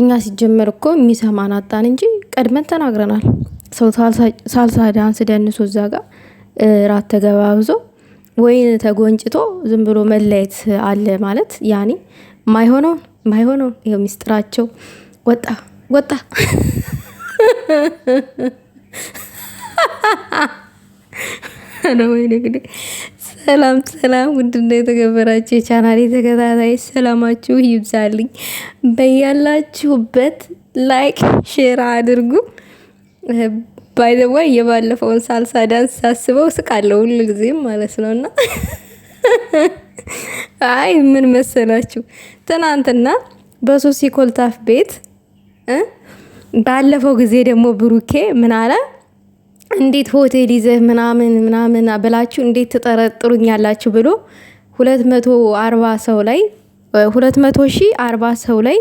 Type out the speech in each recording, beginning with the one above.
እኛ ሲጀመር እኮ የሚሰማን አጣን እንጂ ቀድመን ተናግረናል። ሰው ሳልሳ ዳንስ ደንሶ እዛ ጋር ራት ተገባብዞ ወይን ተጎንጭቶ ዝም ብሎ መለየት አለ ማለት ያኔ ማይሆነው ማይሆነው ይኸው ሚስጥራቸው ወጣ ወጣ ነው ወይ ሰላም ሰላም፣ ውድና የተገበራችሁ የቻናሌ ተከታታይ ሰላማችሁ ይብዛልኝ። በያላችሁበት ላይክ ሼር አድርጉ። ባይዘዋ የባለፈውን ሳልሳ ዳንስ ሳስበው ስቃለሁ ሁሉ ጊዜም ማለት ነው። እና አይ ምን መሰላችሁ ትናንትና በሶሲ ኮልታፍ ቤት ባለፈው ጊዜ ደግሞ ብሩኬ ምን አለ እንዴት ሆቴል ይዘህ ምናምን ምናምን ብላችሁ እንዴት ትጠረጥሩኛላችሁ ብሎ ሁለት መቶ አርባ ሰው ላይ ሁለት መቶ ሺ አርባ ሰው ላይ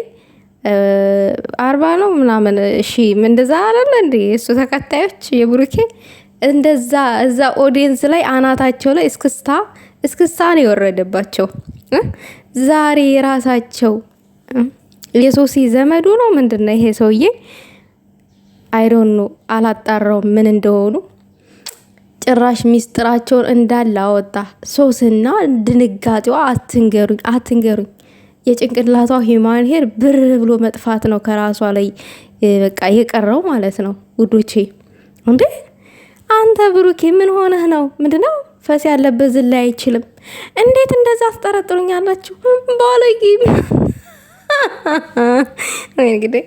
አርባ ነው ምናምን እሺ እንደዛ አለ እንዴ እሱ ተከታዮች የብሩኬ እንደዛ እዛ ኦዲየንስ ላይ አናታቸው ላይ እስክስታ እስክስታ ነው የወረደባቸው። ዛሬ የራሳቸው የሶሲ ዘመዱ ነው ምንድን ይሄ ሰውዬ አይሮኑ አላጣራው ምን እንደሆኑ። ጭራሽ ሚስጥራቸውን እንዳለ አወጣ። ሶስና ድንጋጤዋ አትንገሩኝ አትንገሩኝ። የጭንቅላቷ ሂማን ሄር ብር ብሎ መጥፋት ነው ከራሷ ላይ በቃ የቀረው ማለት ነው ውዶቼ። እንዴ አንተ ብሩኬ ምን ሆነህ ነው? ምንድነው ፈስ ያለበት ዝላይ አይችልም። እንዴት እንደዛ አስጠረጥሩኛላችሁ ባለጊ እንግዲህ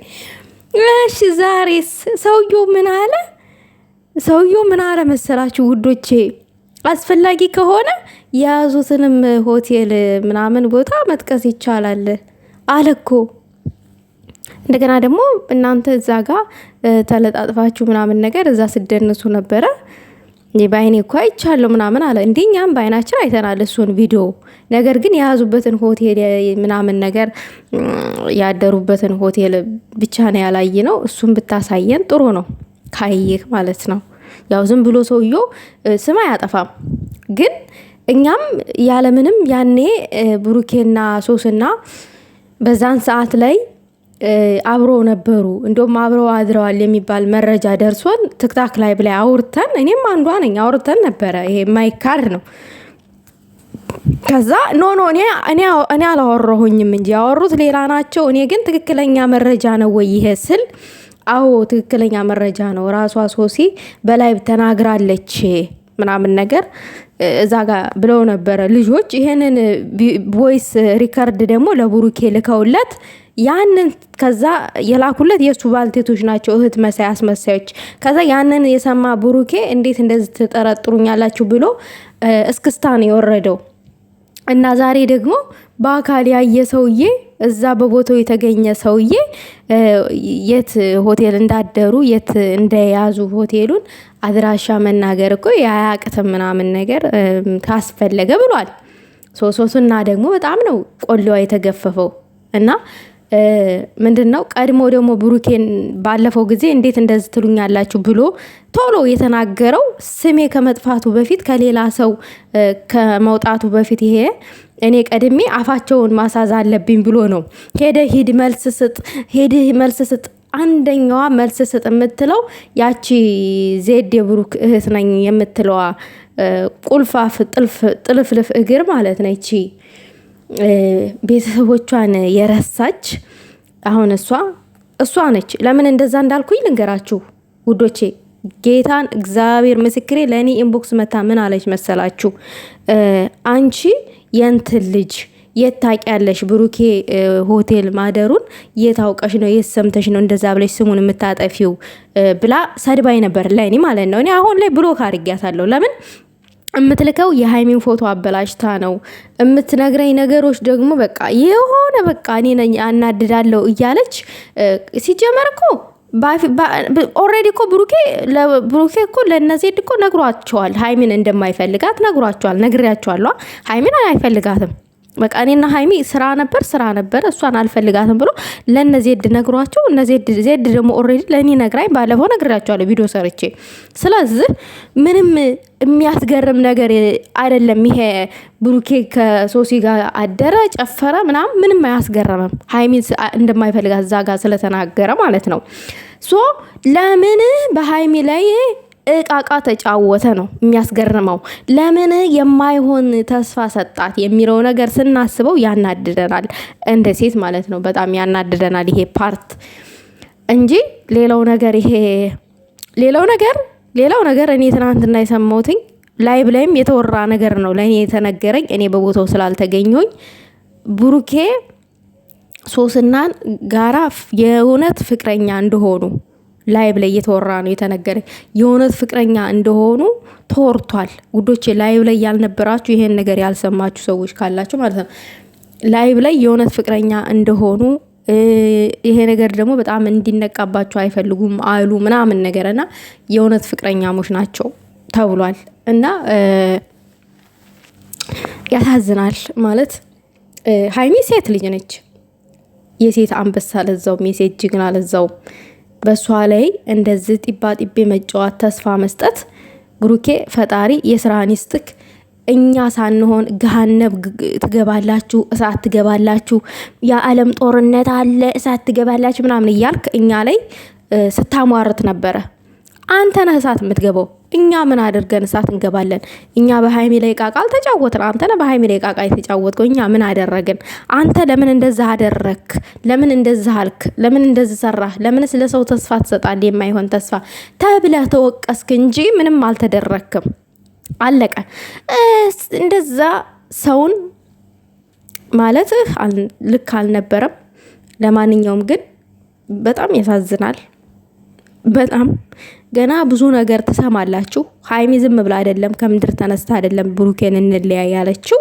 እሺ ዛሬስ ሰውየው ምን አለ? ሰውየው ምን አለ መሰላችሁ ውዶቼ፣ አስፈላጊ ከሆነ የያዙትንም ሆቴል ምናምን ቦታ መጥቀስ ይቻላል አለኮ እንደገና ደግሞ እናንተ እዛ ጋር ተለጣጥፋችሁ ምናምን ነገር እዛ ስደንሱ ነበረ። በአይኔ እኮ አይቻለሁ ምናምን አለ። እንዲህ እኛም በአይናችን አይተናል እሱን ቪዲዮ። ነገር ግን የያዙበትን ሆቴል ምናምን ነገር ያደሩበትን ሆቴል ብቻ ነው ያላይ ነው። እሱን ብታሳየን ጥሩ ነው ካይህ ማለት ነው። ያው ዝም ብሎ ሰውየ ስም አያጠፋም። ግን እኛም ያለምንም ያኔ ብሩኬና ሶስና በዛን ሰዓት ላይ አብረው ነበሩ እንደውም አብረው አድረዋል የሚባል መረጃ ደርሶን ትክታክ ላይ ብላይ አውርተን እኔም አንዷ ነኝ አውርተን ነበረ። ይሄ ማይካድ ነው። ከዛ ኖ ኖ እኔ አላወራሁኝም እንጂ ያወሩት ሌላ ናቸው። እኔ ግን ትክክለኛ መረጃ ነው ወይ ይሄ ስል አዎ ትክክለኛ መረጃ ነው፣ ራሷ ሶሲ በላይ ተናግራለች ምናምን ነገር እዛ ጋር ብለው ነበረ ልጆች። ይሄንን ቮይስ ሪከርድ ደግሞ ለቡሩኬ ልከውለት ያንን ከዛ የላኩለት የእሱ ባልቴቶች ናቸው እህት መሳይ አስመሳዮች። ከዛ ያንን የሰማ ብሩኬ እንዴት እንደዚህ ትጠረጥሩኛላችሁ ብሎ እስክስታ ነው የወረደው እና ዛሬ ደግሞ በአካል ያየ ሰውዬ እዛ በቦታው የተገኘ ሰውዬ የት ሆቴል እንዳደሩ የት እንደያዙ ሆቴሉን አድራሻ መናገር እኮ የአያቅትም ምናምን ነገር ካስፈለገ ብሏል። ሶሶስና ደግሞ በጣም ነው ቆሌዋ የተገፈፈው እና ምንድን ነው ቀድሞ ደግሞ ብሩኬን ባለፈው ጊዜ እንዴት እንደዚህ ትሉኛላችሁ ብሎ ቶሎ የተናገረው ስሜ ከመጥፋቱ በፊት ከሌላ ሰው ከመውጣቱ በፊት ይሄ እኔ ቀድሜ አፋቸውን ማሳዝ አለብኝ ብሎ ነው። ሄደ ሂድ መልስ ስጥ፣ ሄድ መልስ ስጥ። አንደኛዋ መልስ ስጥ የምትለው ያቺ ዜድ የብሩክ እህት ነኝ የምትለዋ ቁልፋፍ ጥልፍልፍ እግር ማለት ነች። ቤተሰቦቿን የረሳች አሁን እሷ እሷ ነች። ለምን እንደዛ እንዳልኩኝ ልንገራችሁ ውዶቼ። ጌታን እግዚአብሔር ምስክሬ፣ ለእኔ ኢንቦክስ መታ ምን አለች መሰላችሁ? አንቺ የንትን ልጅ የት ታውቂያለሽ? ብሩኬ ሆቴል ማደሩን የት አውቀሽ ነው? የት ሰምተሽ ነው እንደዛ ብለሽ ስሙን የምታጠፊው? ብላ ሰድባይ ነበር ለእኔ ማለት ነው። እኔ አሁን ላይ ብሎክ አድርጊያታለሁ። ለምን የምትልከው የሀይሚን ፎቶ አበላሽታ ነው የምትነግረኝ ነገሮች ደግሞ በቃ የሆነ በቃ እኔ ነኝ አናድዳለው እያለች ሲጀመር እኮ ኦልሬዲ እኮ ብሩኬ ብሩኬ እኮ ለእነዜድ እኮ ነግሯቸዋል። ሀይሚን እንደማይፈልጋት ነግሯቸዋል። ነግሬያቸዋለ ሀይሚን አይፈልጋትም። በቃ እኔና ሀይሚ ስራ ነበር ስራ ነበር እሷን አልፈልጋትም ብሎ ለነ ዜድ ነግሯቸው እነ ዜድ ደግሞ ኦልሬዲ ለእኔ ነግራኝ ባለፈው ነግሬያቸዋለሁ ቪዲዮ ሰርቼ። ስለዚህ ምንም የሚያስገርም ነገር አይደለም። ይሄ ብሩኬ ከሶሲ ጋር አደረ፣ ጨፈረ፣ ምናምን ምንም አያስገረምም። ሀይሚን እንደማይፈልጋት እዛ ጋር ስለተናገረ ማለት ነው። ሶ ለምን በሀይሚ ላይ እቃቃ ተጫወተ ነው የሚያስገርመው። ለምን የማይሆን ተስፋ ሰጣት የሚለው ነገር ስናስበው ያናድደናል፣ እንደ ሴት ማለት ነው። በጣም ያናድደናል ይሄ ፓርት እንጂ ሌላው ነገር ይሄ ሌላው ነገር ሌላው ነገር እኔ ትናንትና የሰማሁትኝ ላይ ብላይም የተወራ ነገር ነው ለእኔ የተነገረኝ፣ እኔ በቦታው ስላልተገኘሁኝ ብሩኬ ሶስናን ጋራ የእውነት ፍቅረኛ እንደሆኑ ላይብ ላይ እየተወራ ነው የተነገረ። የእውነት ፍቅረኛ እንደሆኑ ተወርቷል ውዶች። ላይብ ላይ ያልነበራችሁ ይሄን ነገር ያልሰማችሁ ሰዎች ካላችሁ ማለት ነው ላይብ ላይ የእውነት ፍቅረኛ እንደሆኑ ይሄ ነገር ደግሞ በጣም እንዲነቃባቸው አይፈልጉም አሉ ምናምን ነገር እና የእውነት ፍቅረኛሞች ናቸው ተብሏል። እና ያሳዝናል ማለት ሀይሚ ሴት ልጅ ነች። የሴት አንበሳ ለዛውም የሴት ጅግና ለዛውም በእሷ ላይ እንደዚህ ጢባ ጢቤ መጫወት፣ ተስፋ መስጠት ብሩኬ ፈጣሪ የስራ ይስጥክ። እኛ ሳንሆን ገሃነብ ትገባላችሁ፣ እሳት ትገባላችሁ፣ የዓለም ጦርነት አለ፣ እሳት ትገባላችሁ ምናምን እያልክ እኛ ላይ ስታሟርት ነበረ። አንተ ነህ እሳት የምትገባው። እኛ ምን አድርገን እሳት እንገባለን? እኛ በሀይሚ ላይ ቃቃ አልተጫወትን። አንተ ነህ በሀይሚ ላይ ቃቃ የተጫወትከው። እኛ ምን አደረግን? አንተ ለምን እንደዛ አደረክ? ለምን እንደዛ አልክ? ለምን እንደዚህ ሰራህ? ስለ ሰው ተስፋ ትሰጣል? የማይሆን ተስፋ ተብለህ ተወቀስክ እንጂ ምንም አልተደረክም። አለቀ። እንደዛ ሰውን ማለት ልክ አልነበረም። ለማንኛውም ግን በጣም ያሳዝናል። በጣም ገና ብዙ ነገር ትሰማላችሁ። ሀይሚ ዝም ብላ አይደለም ከምድር ተነስታ አይደለም ብሩኬን እንለያ ያለችው።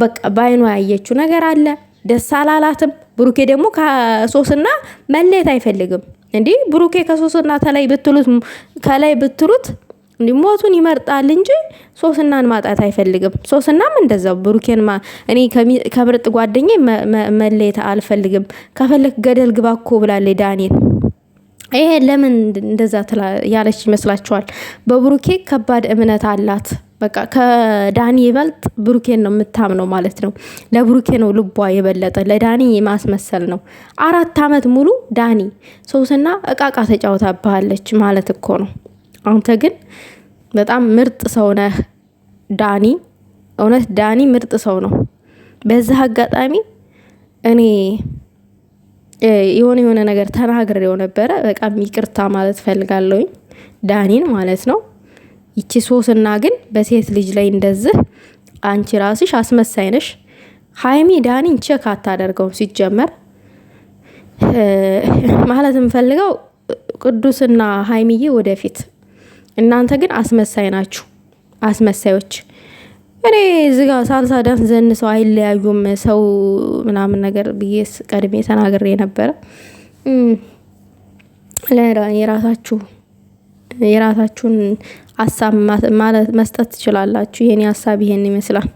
በቃ በአይኗ ያየችው ነገር አለ። ደስ አላላትም። ብሩኬ ደግሞ ከሶስና መለየት አይፈልግም። እንዲህ ብሩኬ ከሶስና ተላይ ብትሉት ከላይ ብትሉት ሞቱን ይመርጣል እንጂ ሶስናን ማጣት አይፈልግም። ሶስናም እንደዛው ብሩኬን እኔ ከምርጥ ጓደኛ መለየት አልፈልግም፣ ከፈለክ ገደል ግባ እኮ ብላለች ዳንኤል ይሄ ለምን እንደዛ ያለች ይመስላችኋል? በብሩኬ ከባድ እምነት አላት። በቃ ከዳኒ ይበልጥ ብሩኬን ነው የምታምነው ማለት ነው። ለብሩኬ ነው ልቧ የበለጠ፣ ለዳኒ የማስመሰል ነው። አራት ዓመት ሙሉ ዳኒ ሶስና እቃቃ ተጫውታብሃለች ማለት እኮ ነው። አንተ ግን በጣም ምርጥ ሰው ነህ ዳኒ። እውነት ዳኒ ምርጥ ሰው ነው። በዚህ አጋጣሚ እኔ የሆነ የሆነ ነገር ተናግሬው ነበረ። በጣም ይቅርታ ማለት ፈልጋለሁኝ ዳኒን ማለት ነው። ይቺ ሶስና ግን በሴት ልጅ ላይ እንደዚህ አንቺ ራስሽ አስመሳይ ነሽ። ሀይሚ ዳኒን ቼክ አታደርገውም ሲጀመር። ማለት የምፈልገው ቅዱስና ሀይሚዬ ወደፊት እናንተ ግን አስመሳይ ናችሁ፣ አስመሳዮች እኔ እዚጋ ጋ ሳልሳ ዳንስ ሰው አይለያዩም ሰው ምናምን ነገር ብዬ ቀድሜ ተናግሬ ነበረ። የራሳችሁ የራሳችሁን ሀሳብ ማለት መስጠት ትችላላችሁ። የኔ ሀሳብ ይሄን ይመስላል።